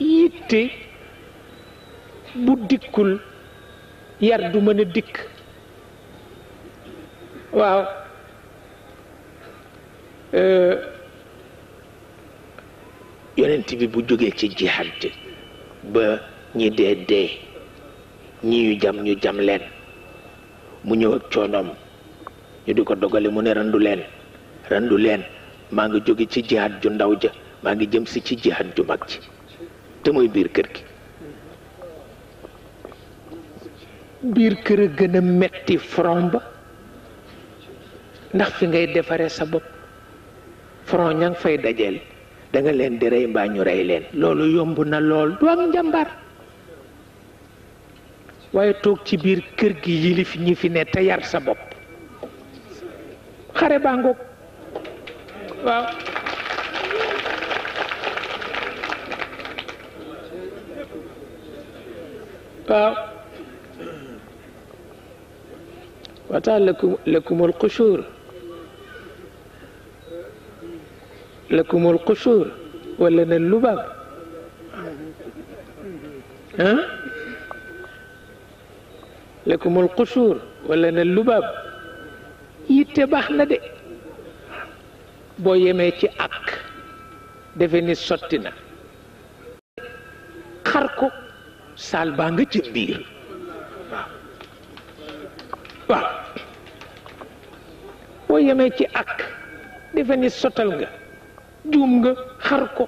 yitte bu dikkul yar du mën a dikk waaw euh, yonent bi bu jógee ci jihaad ba ñi dee dee ñi ñu jam ñu jam leen mu ñëw ak coonoom ñu di ko dogale mu ne randu leen randu leen maa ngi jóge ci jihaad ju ndaw ja maa ngi jëm si ci jihaad ju mag ji te mooy biir kër gi biir kër a gën a metti front ba ndax fi ngay defaree sa bopp front ña ngi fay dajeel danga leen di rey mbaa ñu rey leen loolu yomb na lool du ak njàmbaar waaye toog ci biir kër gi yilif ñi fi ne te yar sa bopp xare baa ngoog waaw وقال لكم لكم القشور لكم القشور ولنا اللباب ها لكم القشور ولنا اللباب yitte دي بو de boo yemee ci ak defe saal baa nga ci biir waaw boo yemee ci ak defe ni sotal nga juum nga xar ko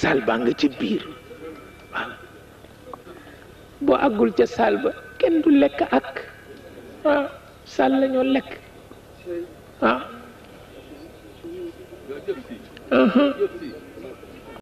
saal baa nga ci biir waaw boo àggul ca saal ba kenn du lekk ak waaw saal la lekk waaw